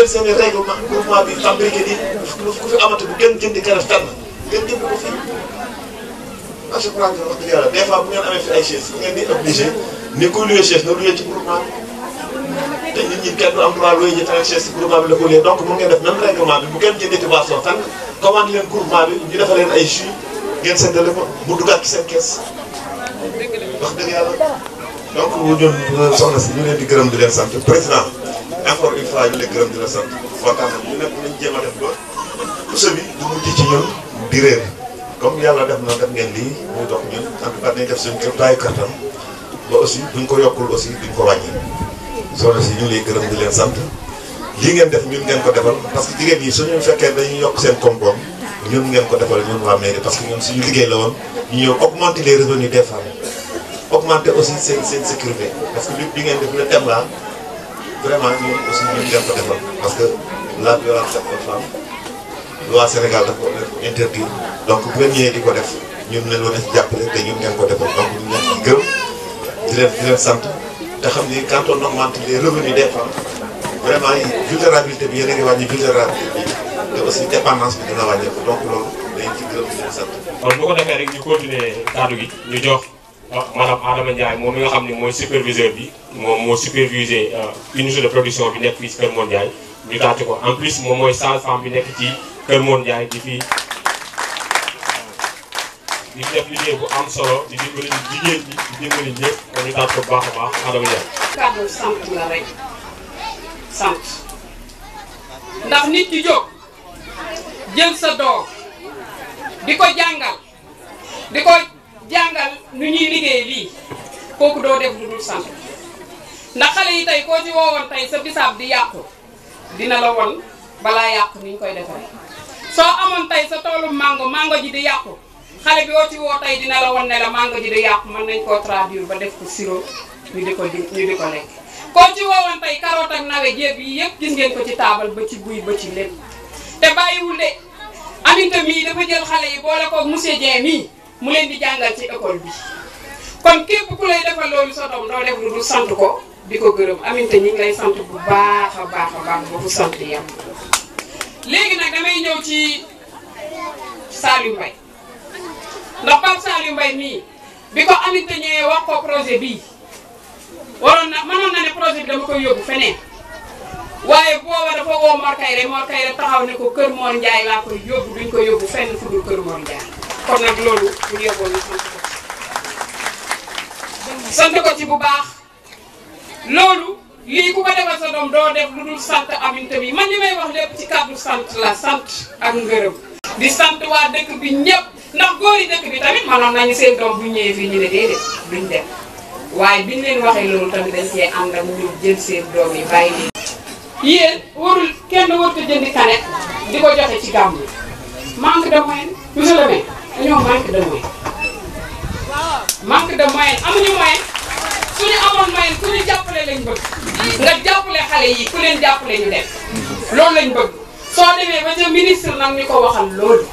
leen seen i règlement groupement bi fabriqué nii ku fi amati bu gën jëndi karaf tànn ngeen jënd ko fii. ah je crois que wax dëgg yàlla des fois bu ngeen amee fi ay chaise bu ngeen di ni kuy loué chaise na loué ci groupement bi te nit ñi kenn du am droit loué ñetti rek chaise ci groupement la ko loué donc mun ngeen def même règlement bi bu kenn jëndee ci boisson tànn commande leen groupement bi ñu defal leen ay jus ngeen séddale ko bu duggaat ci seen kees wax dëgg yàlla donc ñun si ñu leen di gërëm di leen sant président. encore une fois ñu lay gërëm di la sant kontaan nañu nekk nañu jéem a def ba puso bi du mujj ci ñun di réer comme yàlla def na def ngeen lii muy dox ñun en tout cas dañuy def suñu kër taayu kattan ba aussi buñ ko yokkul aussi duñ ko wàññi soo des ñu lay gërëm di leen sant lii ngeen def ñun ngeen ko defal parce que jigéen ñi suñu fekkee dañuy yokk seen koom-koom ñun ngeen ko defal ñun waa mairie parce que ñun suñu liggéey la woon ñu ñëw augmenter les revenus des femmes augmenter aussi seen sécurité parce que li bi ngeen vraiment ñun aussi ñu ngi def ko defal parce que la violence ak les femmes loi Sénégal daf ko interdire donc bu ngeen ñëwee di ko def ñun lañ leen di jàppale te ñun ngeen ko defal donc ñu ngi leen di di leen sant te xam ni quand on augmente les revenus des femmes vraiment vulnérabilité bi yéen a ngi wàññi vulnérabilité bi te aussi dépendance bi dina wàññeeku donc loolu dañ ci gërëm di leen sant. kon bu ko defee rek ñu continuer kaddu gi ñu a ah, Adama Ndiaye moom mi nga xam ne mooy superviseur bi moom moo superviser euh, unité de production bi nekk fii ci Kër Mor ñu taati ko en plus moom mooy sage-femme bi nekk ci Kër Mor Ndiaye di fi di def liggéey bu am solo di dimbali jigéen ñi di dimbali ñëpp kon ñu taat ko bu baax a baax Adama Ndiaye. kàddu sant la rek sant ndax nit ki jóg jël sa jàngal nu ñuy liggéey lii kooku doo def lu dul sant ndax xale yi tey koo ci woowoon tey sa bisaab di yàqu dina la won balaa yàqu ni ñu koy defaree soo amoon tey sa toolu mango mango ji di yàqu xale bi woo ci woo dina la won ne la mango ji di yàqu man nañ koo traduire ba def ko sirop ñu di ko di ñu ko lekk koo ci woowoon tey carotte ak nawe jéeb yi yëpp gis ngeen ko ci taabal ba ci buy ba ci lépp te bàyyiwul de aminta mii dafa jël xale yi boole ko monsieur Dieng mii mu leen di jàngal ci école bi kon képp ku lay defal loolu sa doom doo def lu dul sant ko bi ko gërëm aminte ñi ngi sant bu baax a baax a baax boobu sant yam léegi nag damay ñëw ci Saliou Mbaye ndax Pape yu Mbaye nii bi ko aminte ñëwee wax ko projet bi waroon na mënoon na ne projet bi dama koy yóbbu feneen waaye booba dafa woo Mor Kayre Mor Kayre taxaw ne ko Kër Mor Ndiaye laa koy yóbbu duñ ko yóbbu fenn fu dul Kër Mor Ndiaye kon nag loolu bu ñu yóbboon ñu sant ko ci bu baax loolu lii ku ko defal sa doom doo def lu dul sant aminte bi man li may wax lépp ci kàddu sant la sant ak ngërëm di sant waa dëkk bi ñëpp ndax góor yi dëkk bi tamit mënoon nañu seen doom bu ñëwee fii ñu ne déedéet duñ dem waaye biñ leen waxee loolu tamit dañ cee ànd ak ñu jël seen doom yi bàyyi leen. yéen warul kenn warut a jëndi kanet di ko joxe ci gàmm manque de moyen monsieur le dañoo manque de moyen manque de moyen amuñu moyen suñu amoon moyen ku ñu jàppale lañ bëgg nga jàppale xale yi ku leen jàppale ñu def loolu lañ bëgg soo demee ba ca ministre nag ñu ko waxal loolu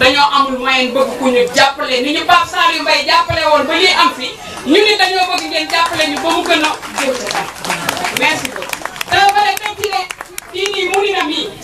dañoo amul moyen bëgg ku ñu jàppale ni ñu Pape Saliou Mbaye jàppale woon ba lii am fi ñu ni dañoo bëgg ngeen jàppale ñu ba mu gën a jëm ca kanam merci beaucoup. ne euh, kii nii mu ni na mii.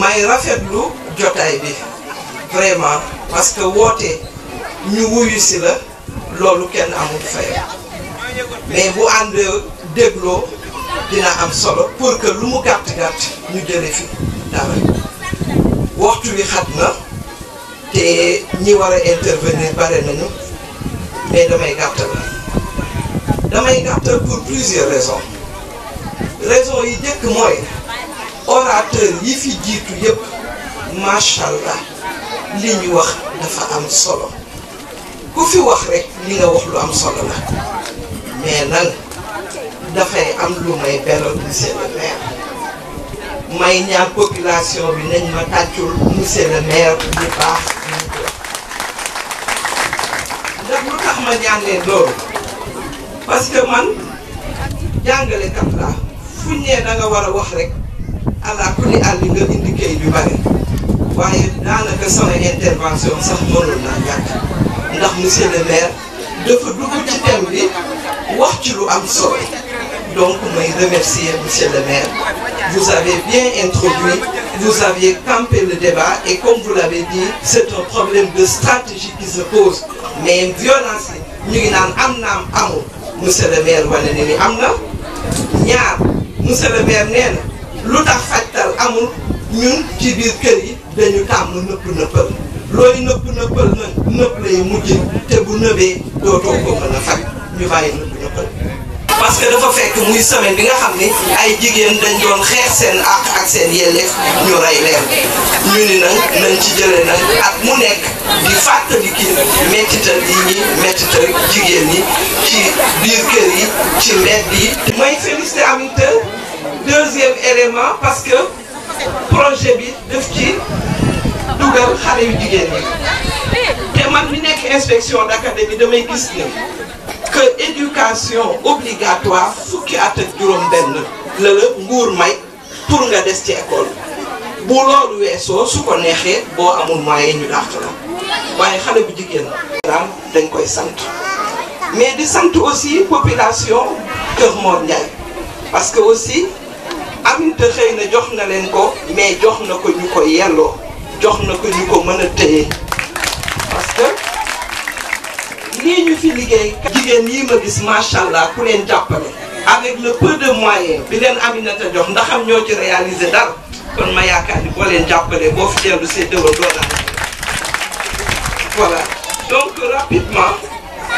may rafetlu jotaay bi vraiment parce que woote ñu wuyu si la loolu kenn amul fay mais bu ànd dégloo dina am solo pour que lu mu gàtt gàtt ñu jële fi dara waxtu wi xat na te ñi war a intervenir bare nañu mais damay gàttal damay gàttal pour plusieurs raisons Raison yi jëkk mooy. orateur yi fi jiitu yépp macha allah li ñu wax dafa am solo ku fi wax rek li nga wax lu am solo la mais nag dafay am lu may beral monsieur le maire may ñaan population bi nañ ma tàccul monsieur le maire bu baax ndax lu tax ma ñaan loolu parce que man jàngalekat laa fuñ ne da war a wax rek. allah kulli àlli nga indi kay bi bare waaye sama intervention sax mënoon na ñak ndax monsieur le maire dafa dugg ci thème bi wax ci lu am solo donc may remercier monsieur le maire vous avez bien introduit vous aviez campé le débat et comme vous l'avez dit c'est un problème de stratégie qui se pose mais violence ñu ngi naan am na monsieur le maire wala ni am ñaar monsieur le maire nee lu tax fajtal amul ñun ci biir kër yi dañu tàmm nëpp nëppal looy nëpp nëppal na nëpp lay mujj te bu nëbee dootoo ko mën a faj ñu bàyyi nëpp nëppal parce que dafa fekk muy semaine bi nga xam ni ay jigéen dañ doon xeex seen àq ak seen yelleef ñu rey leen ñu ni nag nañ ci jëlee nag at mu nekk di fàttali kii mettital yi ñi mettital jigéen ñi ci biir kër yi ci mbedd yi. mooy félicité am te deuxième élément parce que projet bi def ci dougal xalé yu jigéen ñi te man mi nek inspection d'académie damay gis ni que éducation obligatoire fukki at ak juróom-benn la la nguur may pour nga dess ci école bu lolou weesoo su ko neexee bo amul moyen ñu dàq la waaye xale bu jigéen dañ koy sante mais di sante aussi population Kër Mor parce que aussi. Aminata xeyna na jox na ko mais jox na ko ñu ko yelloo jox na ko parce que li ñu fi liggéey jigéen yi ma gis machallah ku leen jàppale avec le peu de moyens bi leen Aminata jox ndax am ñoo ci réaliser dara kon ma yaakaar ni boo leen jàppale boo fi dellu see dëwa doonaa voilà donc rapidement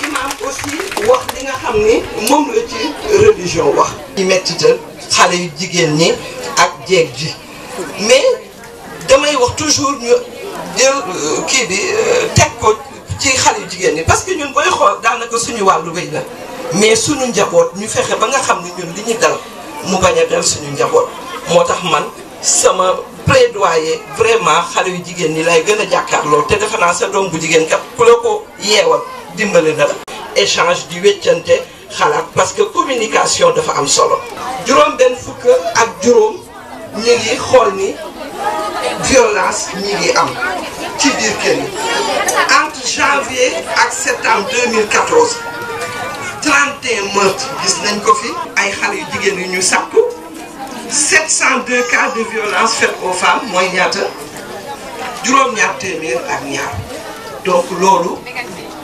imam aussi wax li nga xam ni moom la ci religion wax ci xale yu jigéen ñi ak jeeg ji mais damay wax toujours ñu jël euh, kii bi euh, teg ko ci xale yu jigéen ñi parce que ñun booy xool daanaka suñu wàllu wéy la mais suñu njaboot ñu fexe ba nga xam ni ñun li ñu dal mu bañ a dal suñu njaboot moo tax man sama plaidoyer vraiment xale yu jigéen ñi lay gën a jàkkaarloo te defe naa sa doom bu jigéen kat ku la ko yeewal dimbalé na échange du 8 xalat parce que communication dafa am solo juróom ben fukk ak juróom ñi ngi xool ni violence ñi ngi am ci entre janvier ak septembre 2014 31 meurtres gis nañ ko fi ay xalé yu jigéen yu ñu 702 cas de violence faite aux femmes moy ñaata juróom-ñaar téeméer ak ñaar donc lolu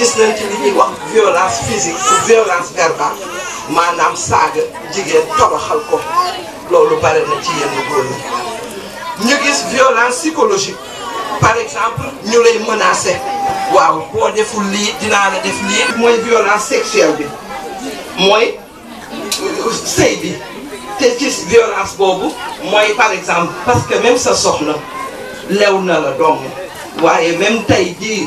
gis nañ ci li ñuy wax violence physique violence verbale maanaam saaga jigéen toroxal ko loolu bare ci yenn góor ñi ñu gis violence psychologique par exemple ñu lay menacer waaw boo deful lii dinaa la def lii mooy violence sexuelle bi mooy euh, sëy bi te ci violence boobu mooy par exemple parce que même sa soxna lew na la doom waaye même tey jii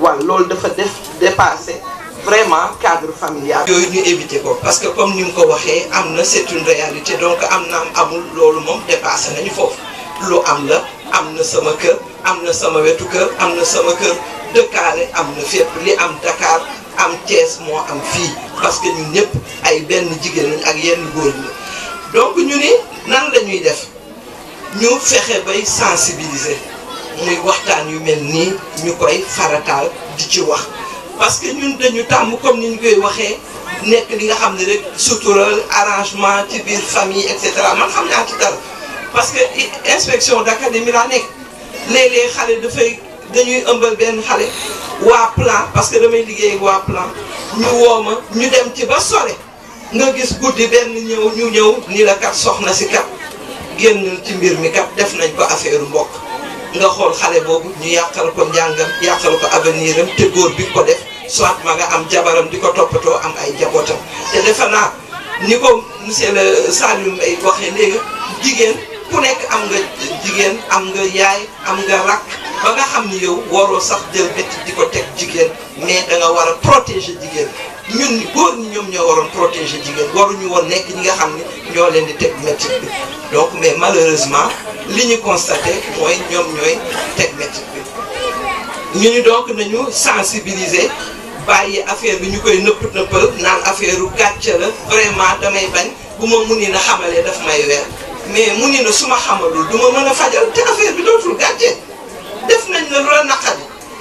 C'est loolu dafa dépasser vraiment cadre familial. Nous éviter parce que comme nous l'avons ko c'est une réalité donc nous amul dépassé nañu foofu lu am la nous avons sama kër am sama kër sama kër parce que nous nous ay benn jigéen lañ ak yenn donc nous ni nan la def sensibiliser muy waxtaan yu mel nii ñu koy farataal di ci wax parce que ñun dañu tàmm comme ni ñu koy waxee nekk li nga xam ne rek sutural arrangement ci biir famille et cetera man xam naa ci dara parce que inspection d'académie laa nekk léeg-léeg xale dafay dañuy ëmbal benn xale waa plan parce que damay liggéey waa plan ñu woo ma ñu dem ci ba sore nga gis guddi benn ñëw ñu ñëw ni la kat soxna si kat génn ci mbir mi kat def nañ ko affaire mbokk nga xool xale boobu ñu yàqal ko njàngam yàqal ko avenir te góor bi ko def soit ma nga am jabaram di ko toppatoo am ay jabootam te defe naa ni ko monsieur le ay Mbaye waxee léegi jigéen ku nekk am nga jigéen am nga yaay am nga rakk ba nga xam ni yow waroo sax jël métti di ko teg jigéen mais danga nga war a protéger jigéen ñun góor ñi ñoom ñoo waroon protéger jigéen waruñu woon nekk ñi nga xam ne ñoo leen di teg métti bi donc mais malheureusement li ñu constaté mooy ñoom ñooy teg métti bi ñu ñu donc nañu sensibiliser bàyyi affaire bi ñu koy nëpp nëppal naan affaire u gàcce la vraiment damay bañ bu ma mun muni na xamalee daf may weer mais muni na su ma xamalul du ma mën a fajal te affaire bi dootul gàcce def nañ la lu la naqari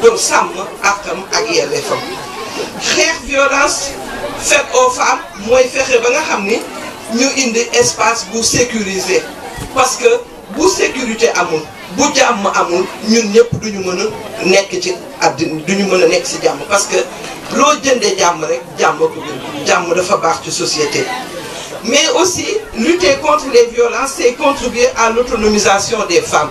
pour sàmm àqam les femmes. xeex violence faite aux femmes moi faire ba nga femmes, ni ñu espace pour sécurisé parce que bu sécurité amul bu jàmm amul ñun ne duñu sécurité, nekk ci àddina duñu nekk ci parce que loo jëndee c'est rek jàmm de faire partie dafa baax société mais aussi lutter contre les violences c'est contribuer à l'autonomisation des femmes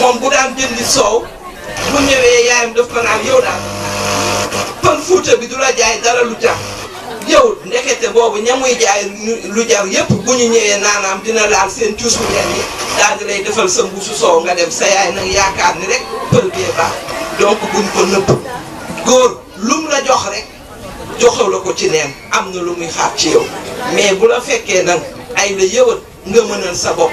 moom bu daan jëndi soow bu ñëwee yaayam daf ko naan yow daal pan fuuta bi du la jaay dara lu jar yow ndekete boobu ña muy jaay lu jar yépp bu ñu ñëwee naanaam dina laal seen cuus bu leen yi daal di lay defal sa mbuusu soow nga dem sa yaay nag yaakaar ni rek pël bee baax donc buñ ko nëbb góor lum la jox rek joxew la ko ci neen am na lu muy xaar ci yow mais bu la fekkee nag ay la yëwat nga mënal sa bopp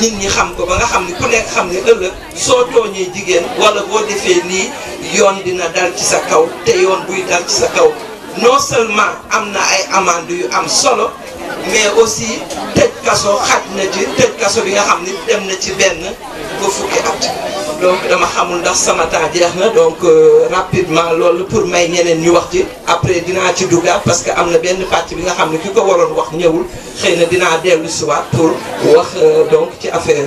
nit ñi xam ko ba nga xam ni ku nekk xam ne ëllëg soo tooñee jigéen wala boo defee nii yoon dina dal ci sa kaw te yoon buy dal ci sa kaw non seulement am na ay amende yu am solo mais aussi tëj kaso xaj na ci tëj kaso bi nga xam ni dem na ci benn ba fukki at. donc dama xamul ndax sama temps jeex na donc euh, rapidement loolu pour may ñeneen ñu wax ci après dinaa ci duggaat parce que am na benn pàcc bi nga xam ne ki ko waroon wax ñëwul xëy na dinaa dellu si waat pour wax euh, donc ci affaire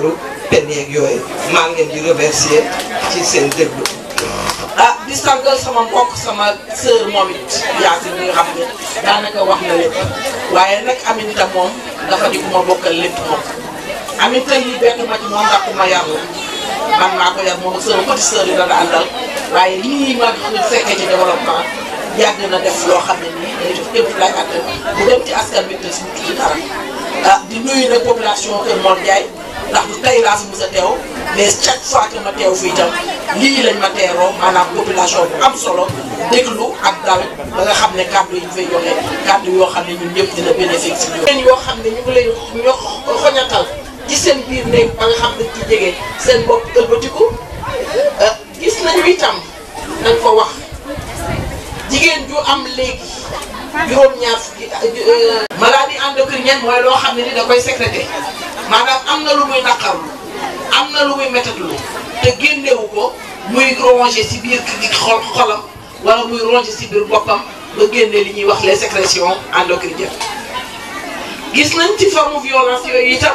pen yeeg yooyu maa ngi leen di remercier ci seen déglu. ah di sargal sama mbokk sama sœur moom it Yacine bi nga xam ne daanaka wax na lépp waaye nag Aminta moom dafa di ku ma bokkal lépp moom Aminta yi benn ma ci moom ndax ku ma man maa ko yor moom ak sama petite sœur yi la daan dal waaye lii ma fekkee ci développement yàgg na def loo xam ne nii day def képp la gàttal bu dem ci askan bi te suñu tudd ah di nuyu nag population Kër ndax du tey laa fi mës a teew mais chaque fois que ma teew fii tam lii lañ ma teeroo maanaam population bu am solo déglu ak dal ba nga xam ne kàddu yi ñu fay joxe kàddu yoo xam ne ñun ñëpp yoo xam ne ñu ngi lay ñox xoñatal. ci seen biir néeg ba nga xam dañ ci jege seen bopp ëlbatiku euh, gis nañu itam dañ ko wax jigéen ju am léegi juróom-ñaar fukki euh, maladie endocrinienne mooy loo xam ne ni da koy sécrété maanaam am na lu muy naqarlu am na lu muy méttatlu te génnewu ko muy rongé si biir ki xol xolam wala muy rongé si biir boppam ba génne li ñuy wax les sécrétions endocriniennes gis nañ ci forme violence yooyu itam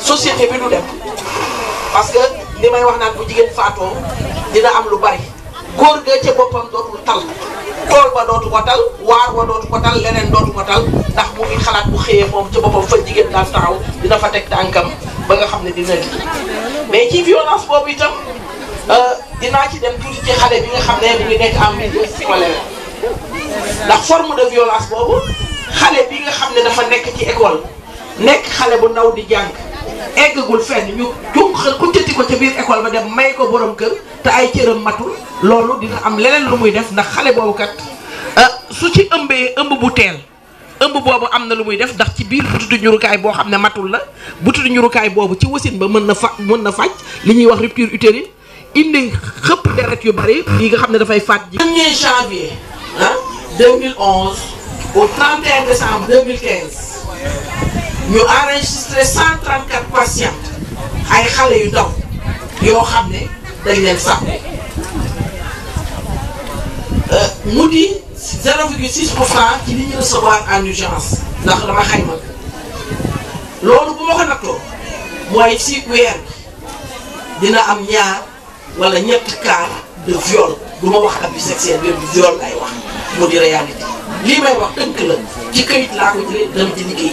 société bi du dem parce que li may wax naan bu jigéen faatoo dina am lu bari góor ga ca boppam dootul tal tool ba dootu ko tal waar ba dootu ko tal leneen dootu ko tal ndax mu ngi xalaat bu xëyee moom ca boppam fa jigéen daan taxaw dina fa teg tànkam ba nga xam ne di lii mais ci violence boobu itam euh, dinaa ci dem tuuti ci xale bi nga xam ne mu ngi nekk en ndax forme de violence boobu xale bi nga xam ne dafa nekk ci école nekk xale bu ndaw di jàng eggagul fenn ñu junq kuccati ko ca biir école ba dem may ko boroom kër te ay cëram matul loolu dina am leneen lu muy def ndax xale boobu kat ah, su ci ëmbee ëmb bu teel ëmb boobu am na lu muy def ndax ci biir butitu ñurukaay boo xam ne matul la butitu ñurukaay boobu ci wasin ba mën na fa mën na faj li ñuy wax rupture utérine indi xëpp deret yu bari yi nga xam ne dafay faat ji. 1er janvier ah 2011 ñu enregistré 134 patients ay xale yu ndaw yoo xam ne dañ leen sàmm euh, mu di 0,6 pour cent ci li ñu recevoir en urgence ndax dama xayma loolu bu ma ko nattoo mooy ci weer bi dina am ñaar wala ñetti cas de viol du ma wax abus sexuel bi viol lay wax mu di réalité lii may wax tënk la ci këyit laa ko jëlee dama ci liggéey.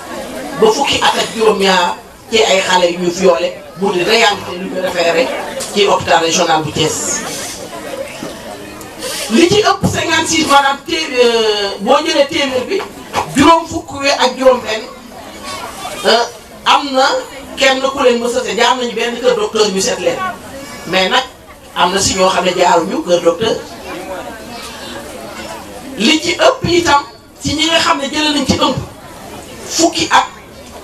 ba fukki at ak juróom-ñaar ci ay xale yu ñu violé mu di réalité lu ñu référé ci hôpital régional bu Thiès li ci ëpp 56 maanaam téeméer euh, boo jëlee téeméer bi juróom fukk we ak juróom-benn euh, am na kenn ku leen mës a te jaar nañu benn kër docteur ñu seet leen mais nag am na si ñoo xam ne jaaruñu kër docteur li ci ëpp itam ci ñi nga xam ne jëlee nañ ci ëmb fukki at.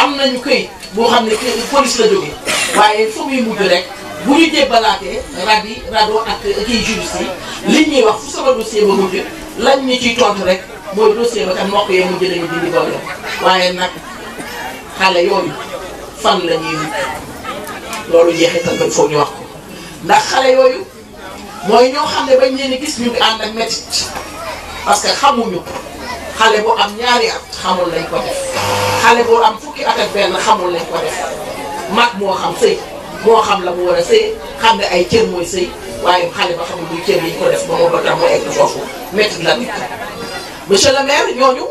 am nañu këyit boo xam ne këyit police la jógee waaye foog muy mujj rek bu ñu jébbalaatee rajo yi rajo ak kii juriste yi liñ ñuy wax fu sama dossier ba mujj lañ ñu ciy tontu rek mooy dossier ba tam mbokk yee mujj nañu dindi boole waaye nag xale yooyu fan la ñuy loolu jeexital bañ foog ñu wax ko ndax xale yooyu mooy ñoo xam ne bañ leen gis ñu ngi ànd ak métit parce que xamuñu. xale bu am ñaari at xamul lañ ko def xale bu am fukki at ak benn xamul lañ ko def mag moo xam sëy moo xam la mu war a sëy xam ne ay cër mooy sëy waaye xale ba xamul luy cër yi ñu ko def ba moo ba tax mu egg foofu métti la nekk monsieur le maire ñooñu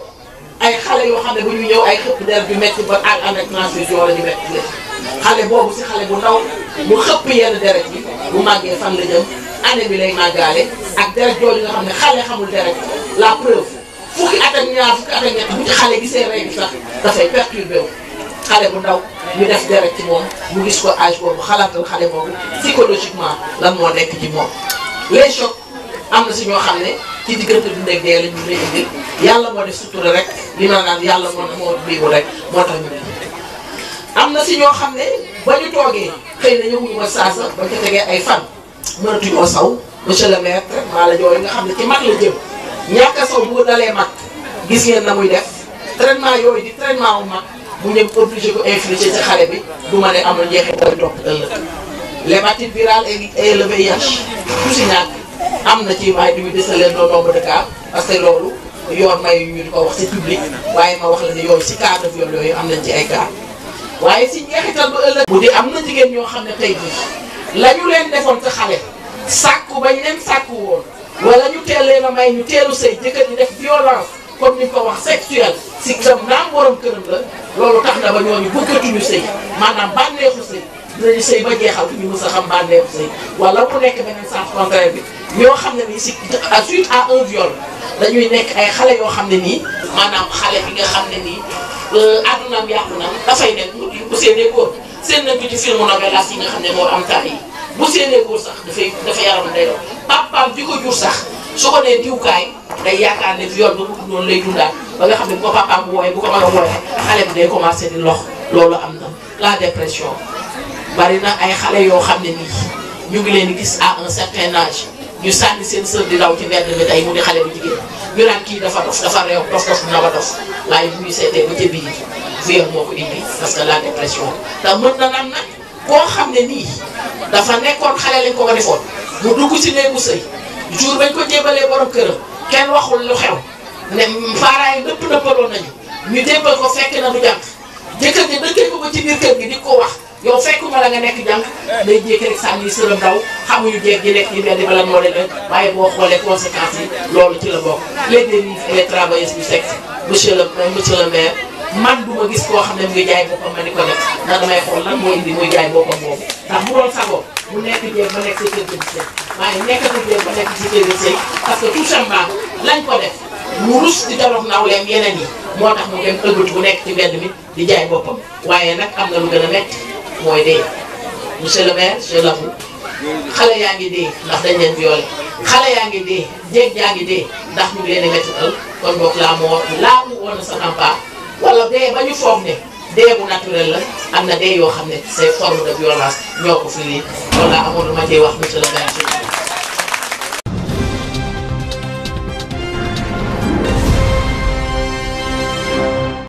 ay xale yoo xam ne bu ñu ñëw ay xëpp der bi métti ba ak ànd ak transfusion la ñu métti leen xale boobu si xale bu ndaw mu xëpp yenn deret bi bu màggee fan la jëm année bi lay màggaale ak deret jooju nga xam ne xale xamul deret la preuve fukki at ak ñaar fukki at ak ñett bu ci xale gisee rey bi sax dafay perturbé wu xale bu ndaw ñu def deret ci moom mu gis ko âge boobu xalaatal xale boobu psychologiquement lan moo nekk ci moom les chocs am na si ñoo xam ne ci diggante dund ak dee la yàlla moo def sutura rek li naan yàlla moo moo biibu rek moo am na si ñoo xam ne ba ñu toogee xëy na ñëwuñu ko saasa ba ñu ko ay fan mënatuñoo saw monsieur le maire traitement la jooy nga xam ne ci mag la jëm ñàkk a sow bu ko gis ngeen na muy def traitement yooyu di traitement wu mag mu ñëw obligé ko infliger ci xale bi du ma ne amul njeexital topp ëllëg l'hépatite virale et le VIH ku am na ci waaye du ñu desal leen noo nombre de cas parce que loolu yoon may ñu di ko wax si public waaye ma wax la ne yooyu si cas de yooyu am nañ ci ay cas waaye si njeexital ba ëllëg. bu dee am na jigéen ñoo xam ne tey jii la ñu leen defoon ci xale sàkku bañ leen sàkku woon. wala ñu teel leen a may ñu teelu sëy jëkkër ji def violence comme ni ko wax sexuel si tam naam borom këram la loolu tax ñoo ñu ñooñu bëggatuñu sëy maanaam bànneexu sëy dinañu sëy ba jeexal ñu mës a xam bànneexu sëy wala mu nekk beneen sens contraire bi ñoo xam ne nii si à suite à un viol dañuy nekk ay xale yoo xam ne nii maanaam xale bi nga xam ne nii euh, àddunaam yàqu na dafay nekk bu seenee góor seen nañ ko ci filmu novelas yi nga xam ne moo am yi bu séenee góor sax dafay dafa yaram day papaam bi ko jur sax su ko nee diwkaay day yaakaar ne viol ba mu noonu lay dundaat ba nga xam ne bu ko papaam wooyee bu ko mën a wooyee xale bi day commencé di lox loolu am na la dépression bari na ay xale yoo xam ne nii ñu ngi leen di gis à un certain âge ñu sànni seen sër di daw ci mbedd mi mu di xale bu jigéen ñu naan kii dafa dof dafa réew dof dof na ba dof waaye bu ñu seetee ba ca biir viol moo la dépression koo xam ne nii dafa nekkoon xale lañ ko ko defoon mu dugg ci néegu sëy jour bañ ko jébalee borom këram kenn waxul lu xew ne faaraay nëpp nëppaloon nañu ñu jébbal ko fekk na du jànk jëkkër ji dëkkee ko ci biir kër gi di ko wax yow fekkuma la nga nekk jànk day jékki rek sànni sërëm daw xamuñu jéeg ji nekk ci mbedd ba lan moo leen leen waaye boo xoolee conséquences yi loolu ci la bokk les dérives et les travailleurs du sexe monsieur le monsieur le man du gis koo xam ne muy jaay boppam ma di ko def ndax damay xool lan moo indi muy jaay boppam boobu ndax bu doon sagoo ma nekk sa kër parce que tout simplement lañ ko def mu rus yeneen yi moo tax mu dem ëggatu bu nekk ci mbedd mi di jaay boppam waaye nag am na lu gën a metti mooy dee monsieur le maire je l'avoue xale yaa ngi dee ndax dañ leen violé yaa ngi dee jéeg yaa ngi dee ndax ñu ngi leen a métti wala dee ba ñu foog ne dee bu naturel la am na dee yoo xam ne c'est forme de violence ñoo ko firi loolu laa amoon lu ma cee wax monsieur le maire